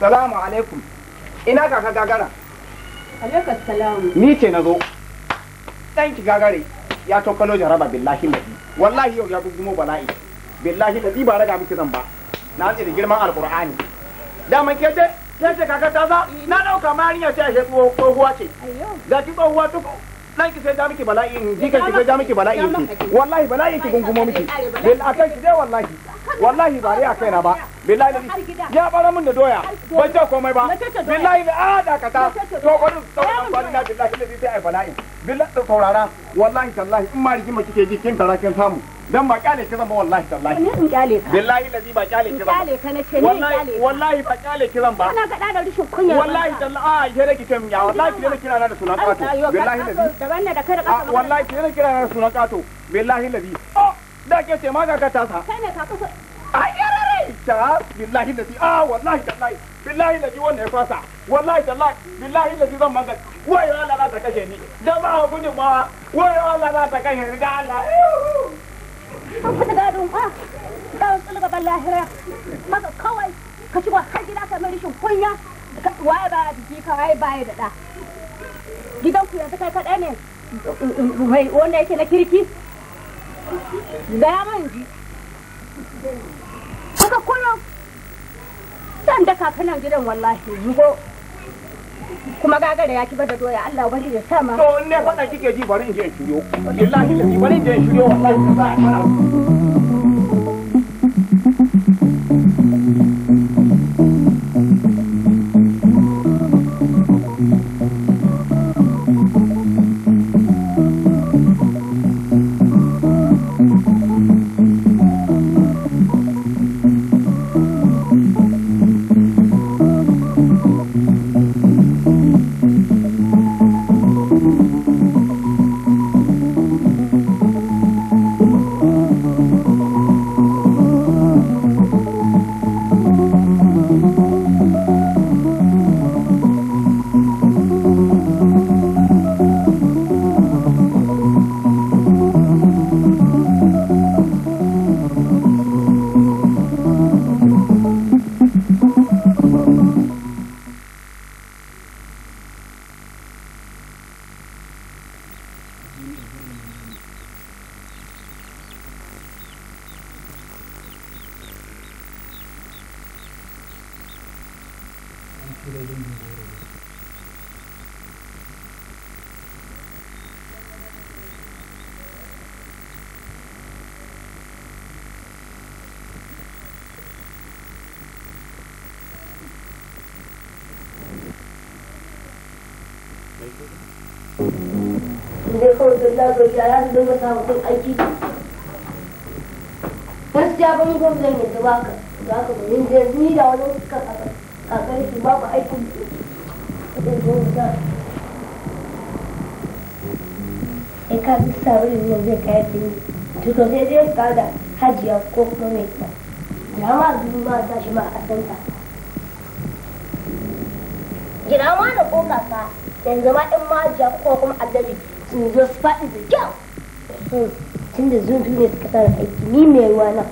salamu alaikum ina kaka gagara alaikum salamu ni ce na zo ki gagare ya tokalo jaraba billahi ladi wallahi yau ya gugumo bala'i billahi ladi ba raga miki zan ba na ce da girman alqur'ani daman ke ce ke ce kaka ta za na dauka mariya a shi tsohuwa ce ga ki tsohuwa to ki sai ja miki bala'i in ji ka ki sai ja miki bala'i wallahi bala'i ki gungumo miki billahi akan ki dai wallahi wallahi ba a kaina ba billahi ya bara min da doya ban ce komai ba billahi da ada ka ta to gwani sauran bani na billahi da zai ai bala'i billahi da saurara wallahi tallahi in ma rigima kike ji kin tara kin samu dan ba kyale ki zama wallahi tallahi ne in kyale ka billahi lazi ba kyale ki zama kyale ka nace ni kyale wallahi ba kyale ki zan ba kana ga da rishin kunya wallahi tallahi a ke ki kin ya wallahi ki kira na da sunan kato billahi lazi da wannan da kai da kasa wallahi ki kira na da sunan kato billahi lazi da ke ce ma kaka ta sa kai ne ka kusa ai yarare ta billahi da a ah, wallahi da lai billahi da ji wannan ya fasa wallahi da lai billahi da ji zan manga wai ya lala ta kashe ni da ba ha gudun ma wai ya lala ta kashe ni da Allah an fita gadon ba da tsulga ban lahira maka kawai ka shigo har gida ka mai rishin kunya waye ba jiki ka waye ba ya da ku yanzu kai kaɗai ne wanda yake na kirki gaya man ji haka kullum daka kanan gidan wallahi zugo kuma gagara ya ki bada doya Allah wani ya sama to ne faɗa kike ji bari in je in shiryo wallahi bari in je in shiryo wallahi mutum aiki gaskiya não gwam zan yadda ba ka za ka ba yin o ni da wani suka kakar shi ba ku aikin da zai zo da ya ka duk sabon yin zai kayar da ni tuto sai zai ka da hajiya ko kuma mai ta ya ma zuwa ma ta shi ma a santa gina ma da ko kasa yanzu ma to tun da zurfi aiki ni mai ruwa na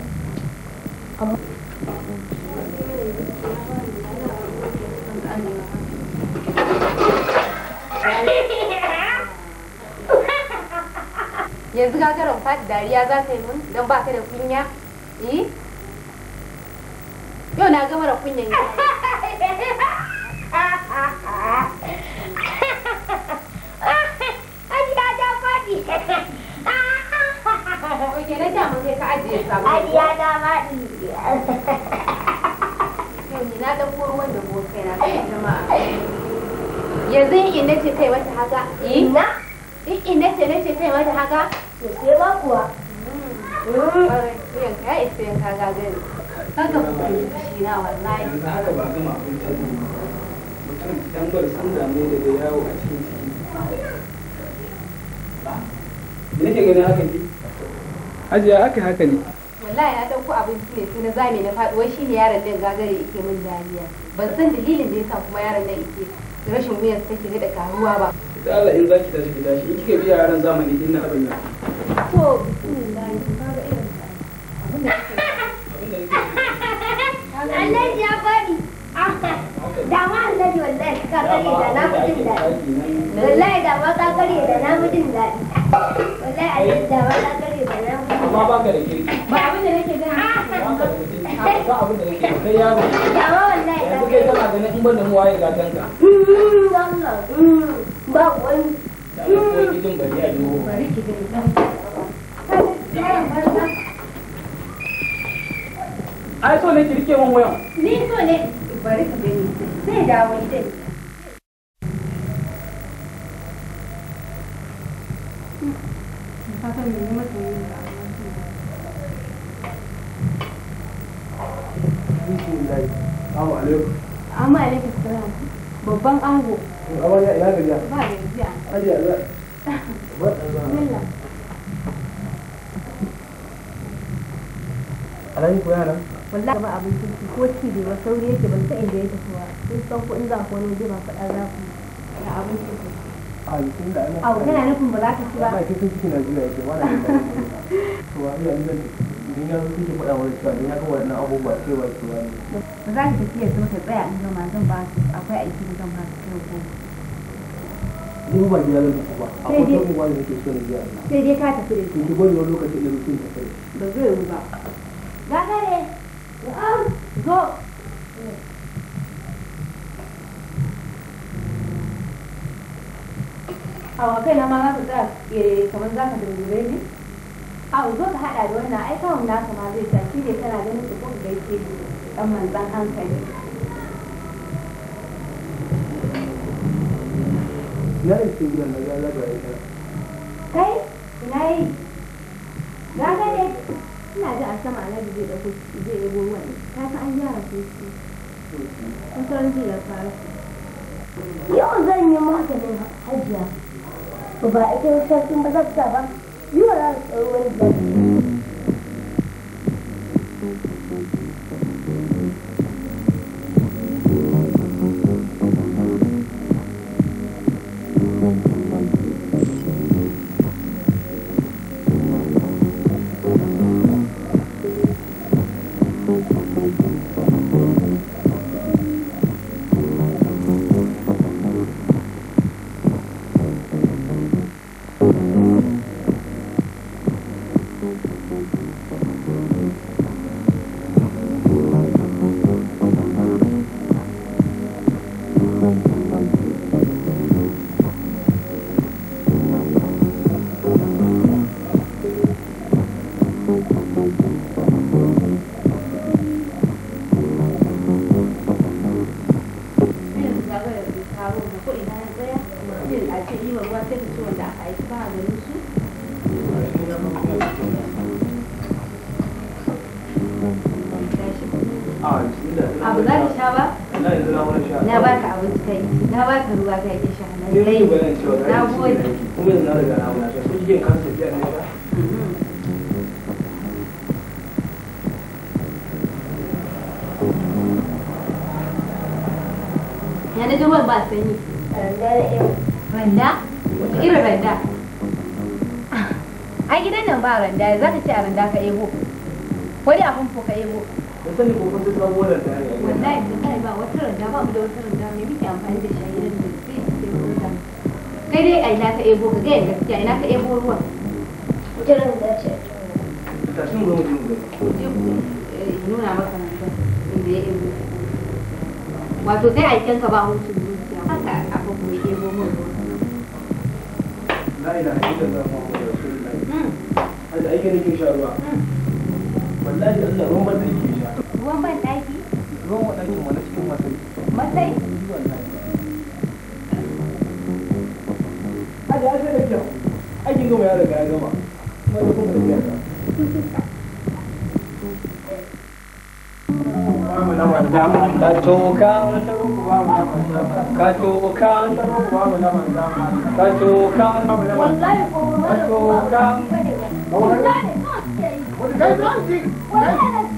yanzu gagarin fadi dariya za ta yi mun don ba ka da kunya eh yau na gama da kunyan yau na da mun sai ka ajiye sabon. Ajiya na ma ɗin. Na ko ruwan da kai na kai jama'a. Yanzu in na ce kai wata haka. Ina? In in na ce na ce kai wata haka. Sosai ba kuwa. Mm. yanka ya isa yanka gagari. Kaga mutum shi na wallahi. Yanzu haka ba gama abin ba. mutum dan gwal sun dame daga yawo a cikin ciki. Me nake ganin haka ne? ajiya aka haka ne wallahi na ɗauko abinci ne sai na zame na faɗuwa shi ne yaron nan gagare yake min dariya ban san dalilin da yasa kuma yaron nan yake rashin wuyan wuyar ke da karuwa ba da Allah in zaki tashi ki tashi in kika biya yaran zamani din na abin nan to bismillah babu irin abin da kake Allah ya bari da ma annabi wallahi ka kare da na mutun da wallahi da ma ka kare da na mutun da wallahi Allah da ma ka amma ba ka da kirki ba abin da nake gani ba abin da nake kai yaro ba wallahi yanzu kai kana ganin in ban da muwaye ga danka mm, Allah mm, ba wani da ko gidan bari a duhu mm. bari gidan dan ai so ne kirke mun wayan ni so ne bari ka gani zai dawo idan Thank you. Assalamu alaikum. Amma alaikum salam. Babban ango. Ba Ajiya Allah. ko ci sauri yake ban san inda yake kuwa. Kun san ko in za ku wani faɗa za ku da abin nufin ba za ci ba? Ba, ciki na zuwa yake, wani To, wani in ya fi faɗa wani cewa in ya ga wannan abubuwa cewa ba ne. ba za ki tafiya zo ta tsaya in zama zan ba su akwai aiki da zan ba su kai ko. in ba gida zan ba akwai ta uwa da nake so na biya sai dai ka tafi da su. ki gwada wani lokaci da mutum tafi. ba zai yi ba. gagare zo. a kai na ma za ka tsaya eh, kamar za ka dangure ne. a zo ka haɗa da wannan ai kawon naka ma zai ta shi ne tana ganin su kuka gaishe ɗan manzan hankali na yi cikin gidan na gaza ga ita kai na yi ya ga ne ina ji a sama annabi zai ɗauko zai ɗago ruwan ka san an gyara su shi kusan zai ya fara yau zan yi maganin hajiya ba ita yau sarkin ba zafta ba You are always loving. ruwa ta yake sha na gode kuma yanzu na riga na muna shi su jiyan kansu tafiya na ba ji ba sanyi randa irin randa a gidan nan ba randa za ka ce a randa ka ebo ko ka ebo da sani ko kun zuwa bolar da ya wallahi da kai ba wata randa ba mu da wata randa ne muke amfani da shi a gidan nan sai sai randa kai dai a ina ka ebo ka ga gaskiya ina ka ebo ruwan wata randa ce ta sun goma jin goma ko je ku eh, nuna maka nan inda ya ebo wato sai a yi kyanka ba musu zuciya haka abu ko ke goma la ilaha illallah muhammadu rasulullah hada ake nake sha ruwa wallahi Allah ruwan ban daki sha ruwan ban daki ruwan ban daki wani cikin masai masai hada ya sai da kyau aikin gama ya riga ya gama kuma da kuma da kyau katoka katoka katoka katoka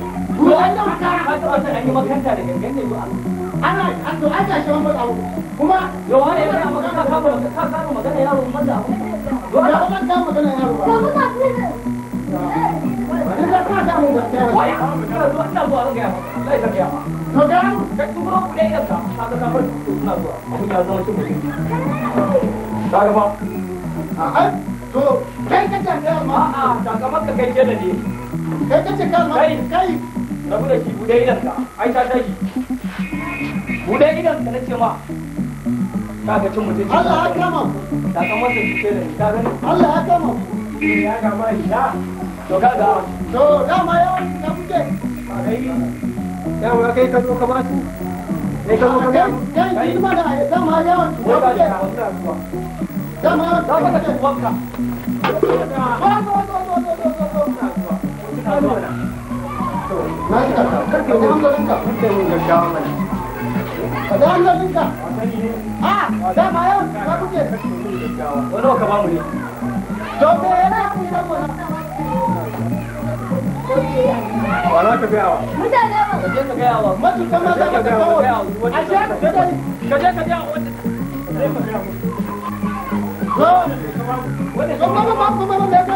to an da mata ana fata wata an yi makaranta da gangan ne ana an to an tashi wani abu kuma yo wani yana magana ka ba ka ka magana yaro mun da abu yo da ba ka magana rabu da shi bude idanka ai ta bude na ce ma ta ga cin mutunci Allah ya kama ta kama ta ce da ta gani Allah ya kama ya to to da kai ka zo ka ba su kai ka zo ka ba su kai kuma da dama da kuke dama yawan da kuke na ji ka karfe da hanzarinka karfe da da ne ba ka je ka gaya wa ka gaya ka je ka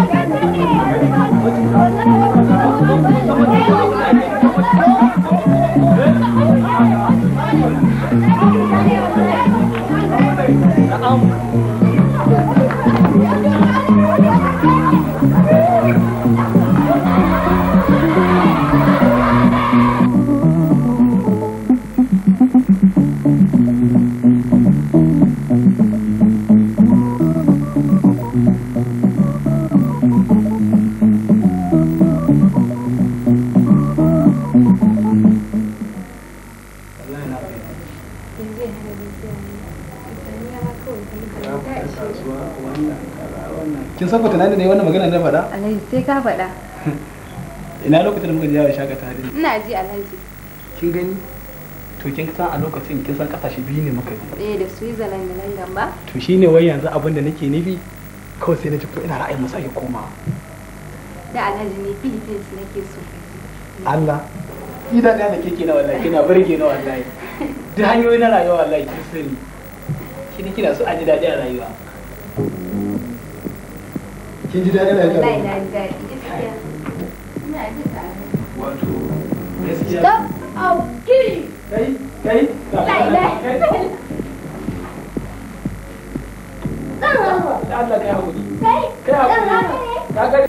kin san ko tunani da wannan magana na faɗa alhaji sai ka faɗa ina lokacin da muka je yawon shakata tare ina ji alhaji kin gani to kin san a lokacin kin san kasashe biyu ne muka je eh da switzerland da nan gamba to shine wai yanzu abin da nake nufi kawai sai na ji ko ina ra'ayin mu sake koma da alhaji ne philippines nake so Allah idan da nake kina wallahi kina burge na wallahi da hanyoyi na rayuwa wallahi kin sani kina so a ji daɗi a rayuwa kin ji stop au kiri kai kai Allah oh. kai hakuri kai kai hakuri ka gari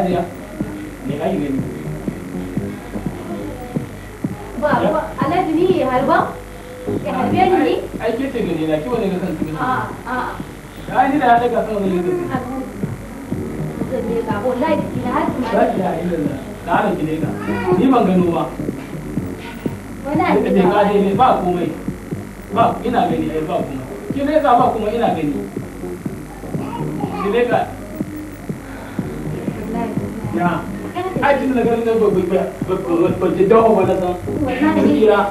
Adiya ne ayi ne ba ba alaji ni harba ya harbe ni ai ke ce gani na kiwa ne ga kan ya ni da ya daga sama zai zai Ƙarin ki ka, ni ban gano ba. Wani ne ka ba komai, ba ina gani ai ba kuma. ne ka ba kuma ina gani. Ki ka. Ya. Ai tun da ganin ba ba ba ba ji dawo ba na san. Wallahi.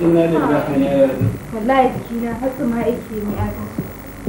Inna lillahi wa inna ilaihi Wallahi jikina har tsuma yake ni a kan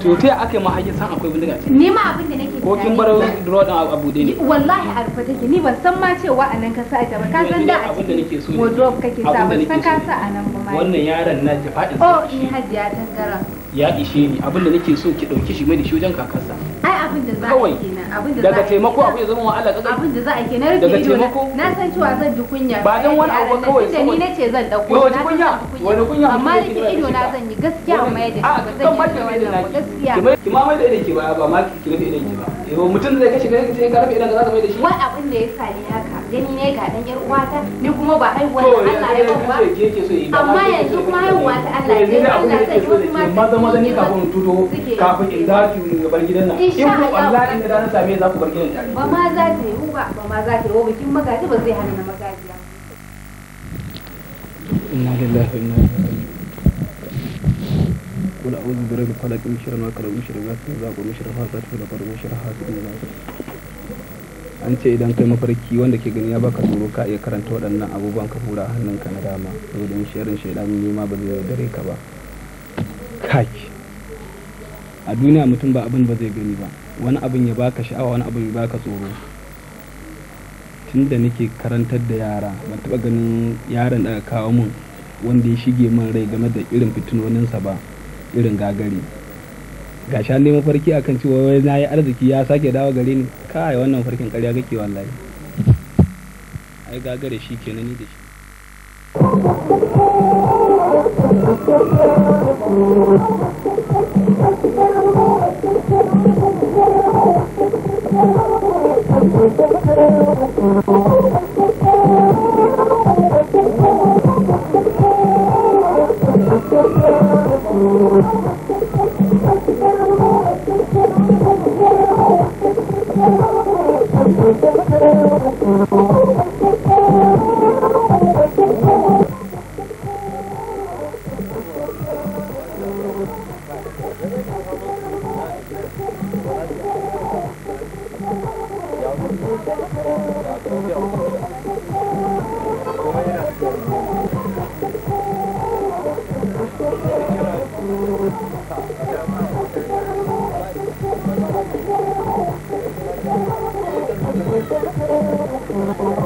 to ta aka yi ma san akwai bindiga ce ni ma abin da nake ko kin bar duro a bude ne wallahi a rufe take ni ban san ma cewa a nan ka sa ta ba ka san da a cikin wardrobe kake sa ba san ka sa a nan ba wannan yaron na ta fadin oh ni ya tangara ya ishe ni abin da nake so ki dauke shi mai da shi wajen kakarsa ai abin da za a yi kenan abin da daga taimako abu ya zama wa Allah kaza abin da za a yi kenan daga taimako na san cewa zan ji kunya ba dan wani abu kawai sai ni nace zan dauko na ji kunya wani kunya amma ni ido na zan yi gaskiya ba zan yi wannan gaskiya mai da idan ba ma ki rufe idan ki ba yau mutum zai kashe gare sai ka rabe idan ka zaka mai da shi wai abin da ya sa haka gani ne ga dan yar ta ni kuma ba haihuwa da Allah ya ba amma yanzu kuma haihuwa ta Allah ya ba Allah sai kuma maza maza ne kafin tudo kafin in za ki bar gidan nan in ku Allah in da na same za ku bar gidan tare ba ma za ta yi ba ba ma za ta yi bikin magaji ba zai hana na magaji inna lillahi wa inna ilaihi raji'un يقول أعوذ an ce idan kai mafarki wanda ke gani ya baka tsoro ka iya karanta waɗannan abubuwan ka hura hannunka na dama saboda in shirin shaidan nema ba zai dare ka ba kaki a duniya mutum ba abin ba zai gani ba wani abin ya baka sha'awa wani abin ya baka tsoro tun da nake karantar da yara ban taɓa ganin yaron da kawo mun wanda ya shige man rai game da irin fitinoninsa ba irin gagari ga shan neman farki akan cewa wai na yi arziki ya sake dawo gare ni kai wannan farkin karya kake wallahi ai gagare shi kenan ni da shi Thank you. Thank you. Thank you.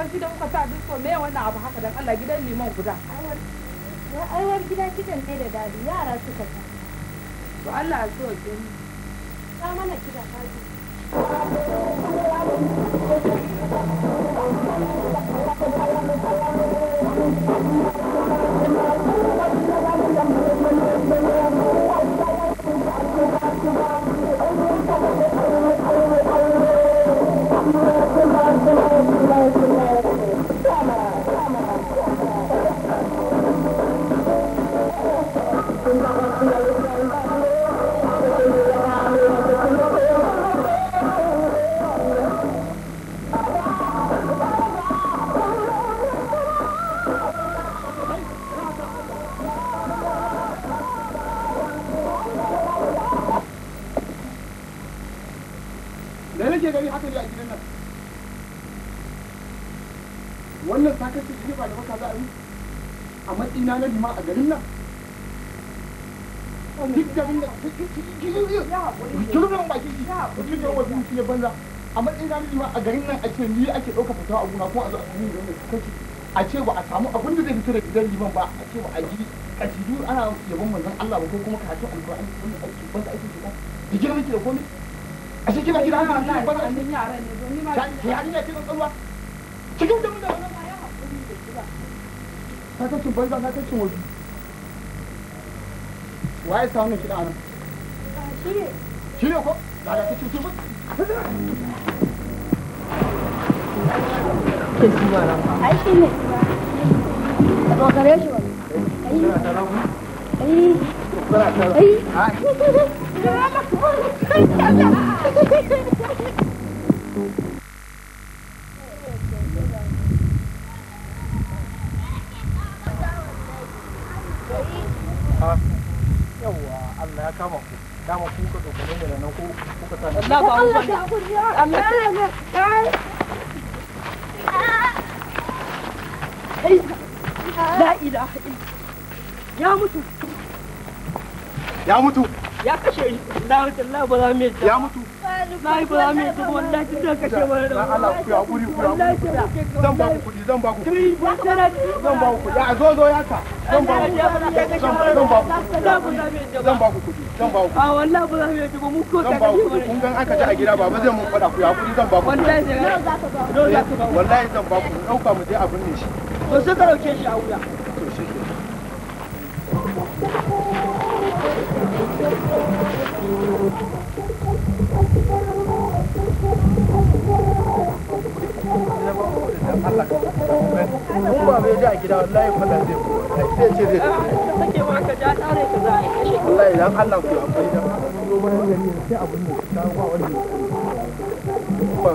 kamar gidan muka sa disko me wannan abu haka dan Allah gidan liman guda wani gida kidan ne da dadi yara suka sa to Allah so ke ni ta mana kida ka ji Thank you. ce ni ake ɗauka fita a gona ko a zo a sami da kashi a ce ba a samu abin da zai fito da gidan liman ba a ce ba a ji kasidu ana yabon manzon Allah ba ko kuma k'a alƙur'ani wanda aiki ba aiki ba da girma ke da komai a cikin gida ana nan ba an nan yaran ne don ni ma ya ni ne cikin tsalwa cikin da mun da wannan ya hakuri da kira ta ta cin banza ta ta cin wabi waye sa wannan shi ne shi ne ko da ta cin cin ai shi ne Allah ya kama ku ku ka dokane da nan ku Allah ba Allah ya Allah la ilaha ya mutu ya mutu ya kashe ni na Allah ba za mu yi ya mutu na yi ba za mu yi ta wallahi tun da kashe wani da Allah ku ya kuri ku ya zan ba ku kudi zan ba ku kudi zan ba ku kudi ya zo zo ya ta zan ba ku zan ba ku zan ba ku kudi zan ba ku a wallahi ba za mu yi ta mu ko ta kashe ku kun gan aka ji a gida baba zai mun fada ku ya kudi zan ba ku wallahi wallahi zan ba ku dauka mu je abin ne shi to sai ka dauke shi a wuya mun ba a gida wallahi fada zai ta sake ah, za a yi dan Allah ku da sai abin da ta ba ba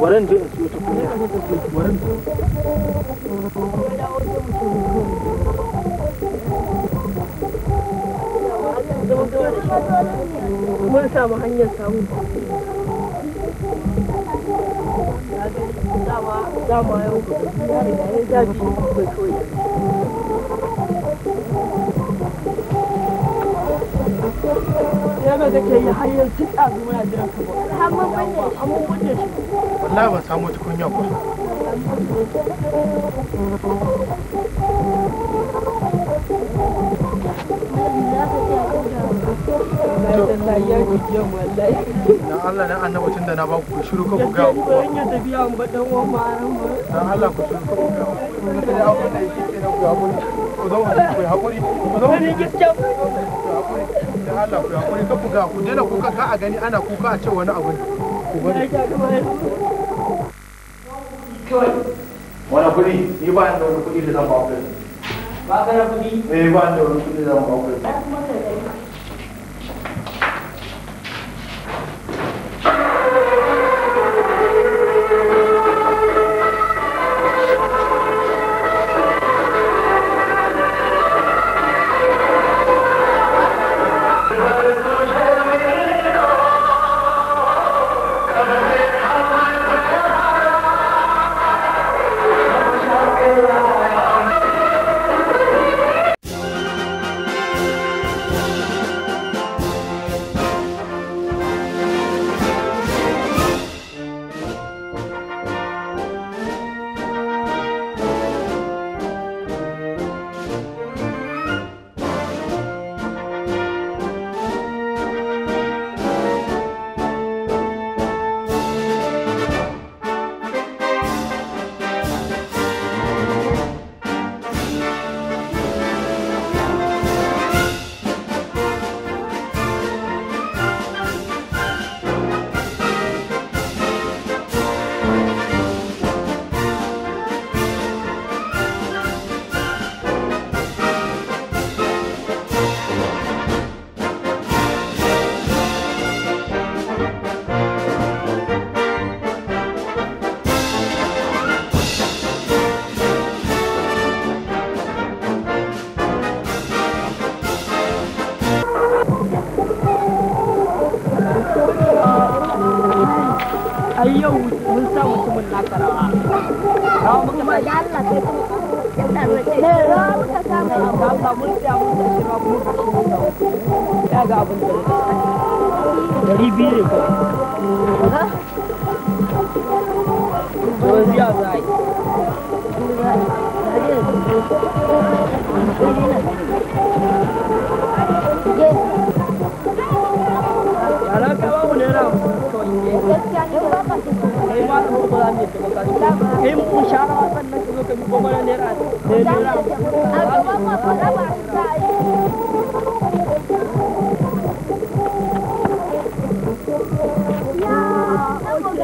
waran da su ta kuma waran mun samu hanyar samu dama yau ya ya da ke yi hanyar tun ɗazu muna jiran ka ba. shi. wallahi ban samu tukunya ba dan Allah na annabacin da na ba ku shiru ka ku an ba dan uwan maran ba Allah ku shiru ka ku da da yake ku hakuri ku zo ku hakuri ku zo hakuri Allah ku hakuri ka ku dena kuka ka a gani ana kuka a ce wani abu ku bari kawai wani kuɗi ni ba ni da wani da zan ba kuɗi ba ka da kuɗi eh, ba da wani da zan ba kuɗi Ribeiro. Hã? Doze avai. Caraca, é uma mulher, Ei, mano, vou pular nisso, vou pular. Ei, puxar, ela vai estar nessa boca de bomba maneira. Ei, mano. Agora vamos, agora vamos.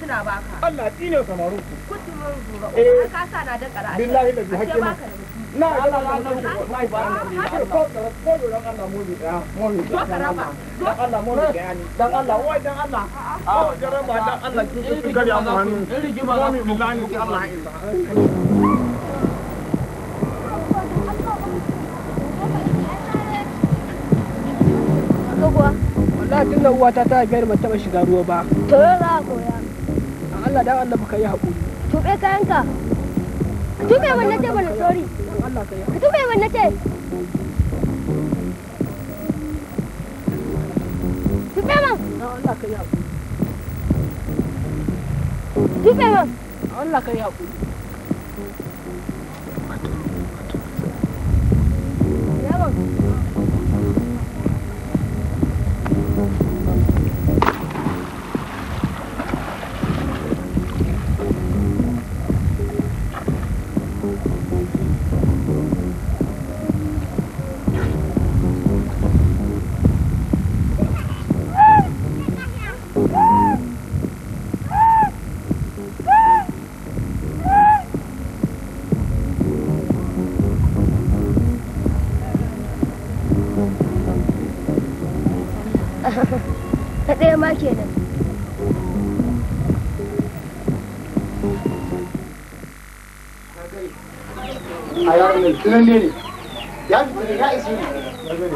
suna baka Allah ne samaru ku kutumin gura eh ka sa na da kara billahi da hakki ma na Allah ya nan ku wallahi ba Allah ko ko don Allah mu da mu da karama don Allah mu da yani dan Allah wai dan Allah a jarama dan Allah ki ki gari amma hannu rigima za mu billahi ku Allah ya Ruwa. Wallahi tun da uwata ta biyar ba taɓa shiga ruwa ba. To b'a koya. Allah dan Allah baka yi haƙuri tube kayanka ka tube wannan ce mana sorry ka tube wannan ce tube man Allah ka yi haƙuri tube man Allah ka yi haƙuri you. ne tsirarre ne ya fi tsirarre ya isi ne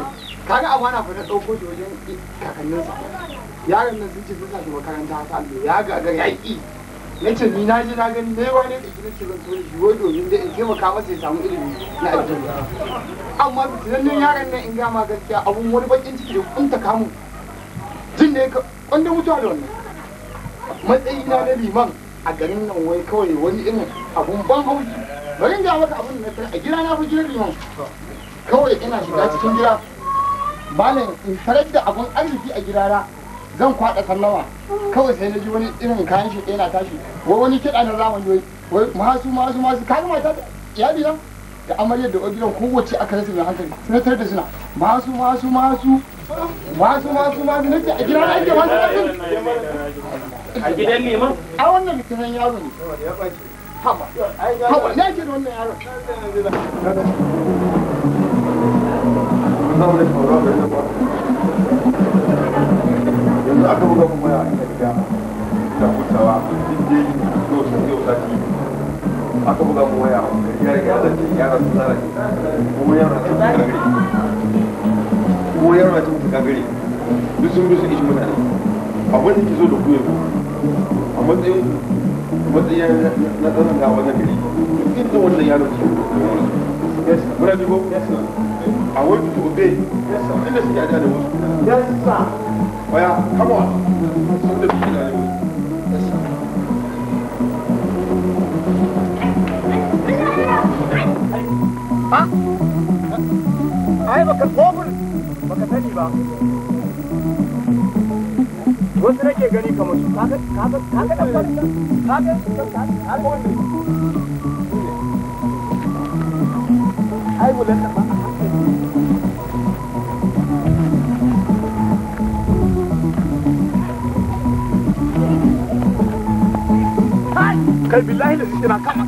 kaga abu ana fara ɗauko shi wajen kakanninsa yaron nan sun ce sun sashi makaranta ta allo ya ga gagar ya ƙi na ce ni na ji na gani na yawa ne da gidan ce zan so shi wai domin da in taimaka masa ya samu ilimi na addini amma fitinannen yaron nan in gama gaskiya abun wani bakin ciki da kunta kamun jin da ya kwanda mutuwa da wannan matsayi na na liman a garin nan wai kawai wani irin abun ban haushi bari in ga maka abin da na a gida na fi gidan liman kawai ina shiga cikin gida malam in farar da abun arziki a gidana zan kwaɗa sallama kawai sai na ji wani irin kayan shi ɗaya na tashi wai wani kiɗa na zamani wai wai masu masu masu kayan mata iyali na da amaryar da ogiran kowace aka rasa mai hankali suna tare da suna masu masu masu masu masu masu na ce a gida na ake masu masu a gidan neman a wannan mutumin yaro ne haba haba ne ke da wannan yaron yanzu aka buga kuma ya ina gida da hutawa duk da yi yau aka buga kuma ya ya riga da ke yara su tsara ki kuma ta gari kuma ta gari duk sun bi su ishi mutane abin da ke zo da ku a matsayin matsayin na tsanan ga wannan gari inda wannan yaro ke muna jigo a wani to obey inda suke ajiya da wasu yes waya come sun da biyu da ne Ha? Ai, baka kofin baka sani ba. wasu nake gani kamar su kaga kaga kaga kaga kaga kaga ai kama kama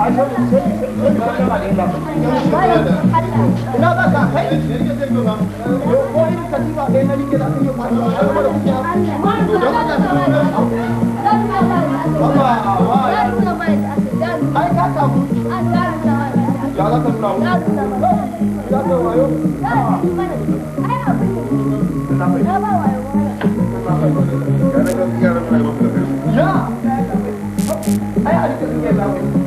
ina ba ka kai ko irin katiba na rike da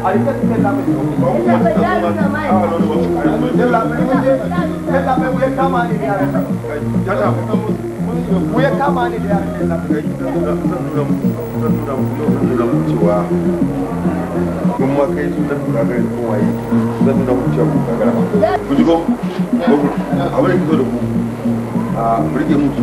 wuya kama ne da yaran da ma a rike mutu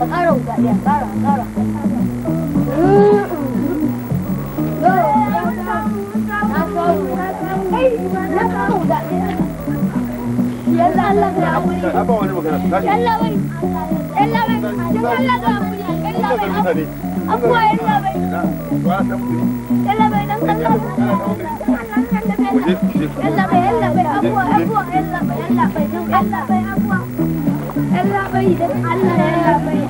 ka ƙara guda ɗaya Allah Allah Allah Allah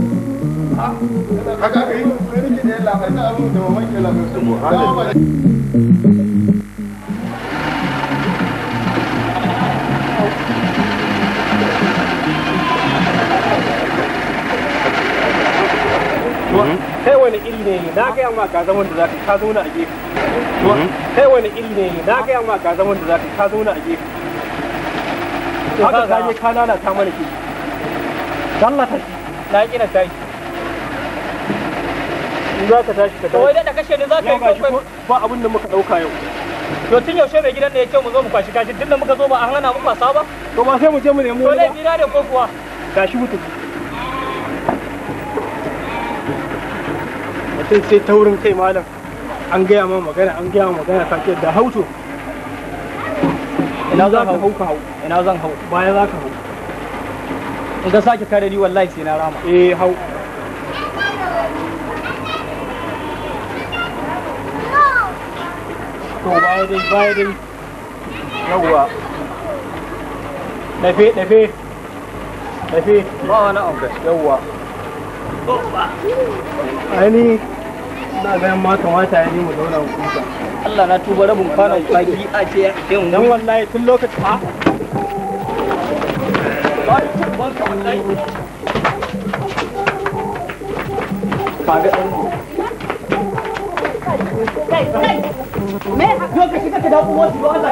kai wani iri ne na gaya ma ga zaman da zaka ka zauna a gefe kai wani iri ne na gaya ma ga zaman da zaka ka zauna a gefe haka ka je ka lalata mana ke shi na kina za ka tashi ka tashi wai da kashe ne za ka yi ko ba abin da muka dauka yau to tun yaushe mai gidan ne ya ce mu zo mu kwashi kashi tun da muka zo ba an hana mu kwasa ba to ba sai mu je mu nemi wani ba to ne ko kuwa tashi mutu mutum sai taurin kai malam an gaya ma magana an gaya ma magana ka da hauto ina za hau ka hau ina zan hau baya za ka hau in sake kare ni wallahi sai na rama eh hau to baya dai yawwa dafe dafe dafe ba wani abu yawwa ani na ga mata kamata ya mu zauna mu kuka Allah na tuba rabin kwanan baki a ce yan dan wallahi tun lokacin ha ah. kaga me yo ka shiga ka da kuma wasu Allah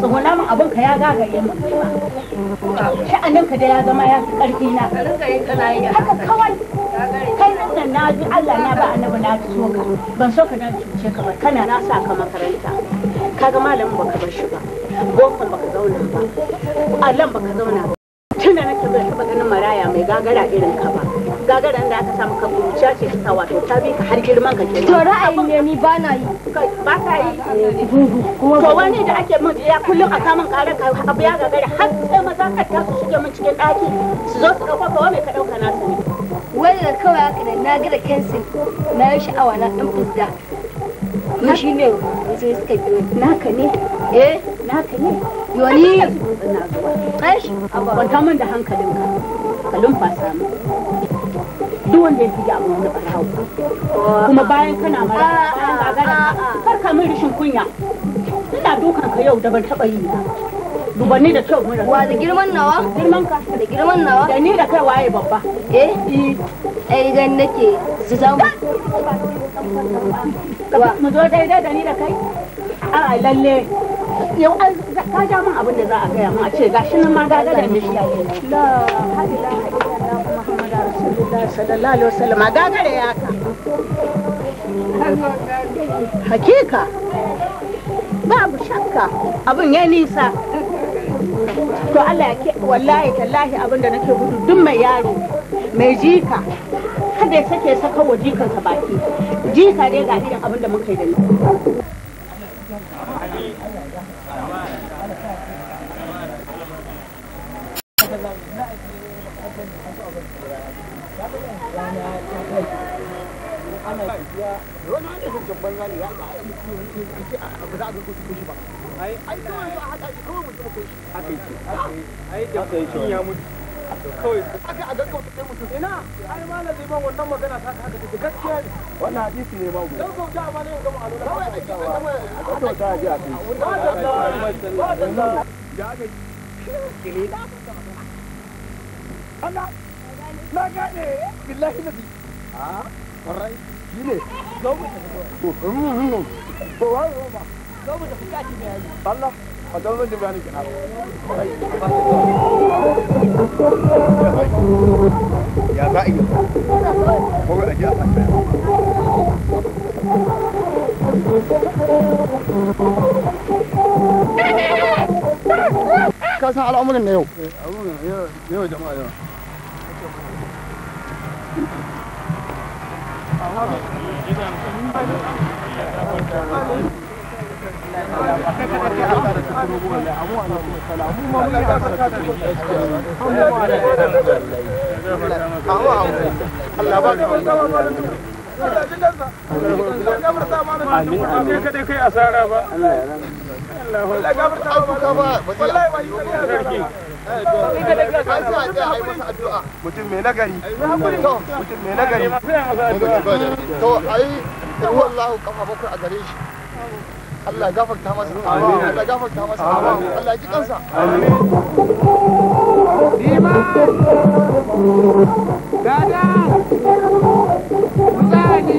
tsohona min abin ka ya gagaye mu sha'anin ka da ya zama ya fi karfi na haka kawai kai nan na ji Allah na ba annabi na ji so ka ban so ka dan cuce ka ba kana na sa ka makaranta kaga malamin baka bar shi ba bokon baka zauna ba ba ka zauna tunda nake zan taba ganin maraya mai gagara irin ka gagarin da aka samu ka kuruciya ce ta wato ta bi ka har girman ka kenan to ra'ayin ne ni ba na yi ba ka yi eh, to wani da ake min ya kullum a samun karar ka abu ya gagara har sai maza ka ta su shige mun cikin daki su zo su dauka kawai mai ka dauka na su ne da kawai haka nan na gida kensin na yi sha'awa na dan fuzda ni shi ne sai suka biyo naka ne eh naka ne yoni ai kwanta min da hankalinka ka lumfasa mu duk wanda ya buge abu na barawo kuma bayan kana mara bayan gagara kar ka min rashin kunya ina dukan ka yau da ban taba yi ba dubanni da kyau wa da girman nawa girman ka da girman nawa da ni da kai waye babba eh, eh. ai gan nake su mu zo da ni da kai lalle yau an ka ja min abin da za a gaya mu a ce gashi nan ma gagara ne shi la rasulullah sallallahu alaihi wasallam gagare ya ka hakika babu shakka abin ya nisa to Allah ya wallahi tallahi abin da nake gudu duk mai yaro mai jika kada ya sake saka wa jikansa baki jika dai ga irin abin da muka yi da ni banza ne ya ba a yi kiwon a ba za a zarko su kushi ba ai ai kawai su a haɗa shi kawai mutum kai shi haka ah! yake ai da mutum ya mutu kawai haka a gaggauta kai mutum ina ai malam zai wannan magana ta haka take gaskiya ne wannan hadisi ne babu gaggauta ma ne ga ma'alula kawai a ji a zama a gaggauta ji a kai ba da ba da ba da aka kile Allah na gane billahi nabi a ah, ne zo mu tafi to wai ba zo mu tafi Amin amin. Kai asara ba. wallahi ba ka ba wallahi mutum mai nagari a Allah gafarta masa Allah gafarta masa Allah ji kansa amin Dima Dada Mutani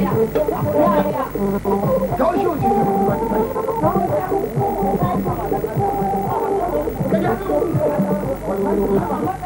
Thank you.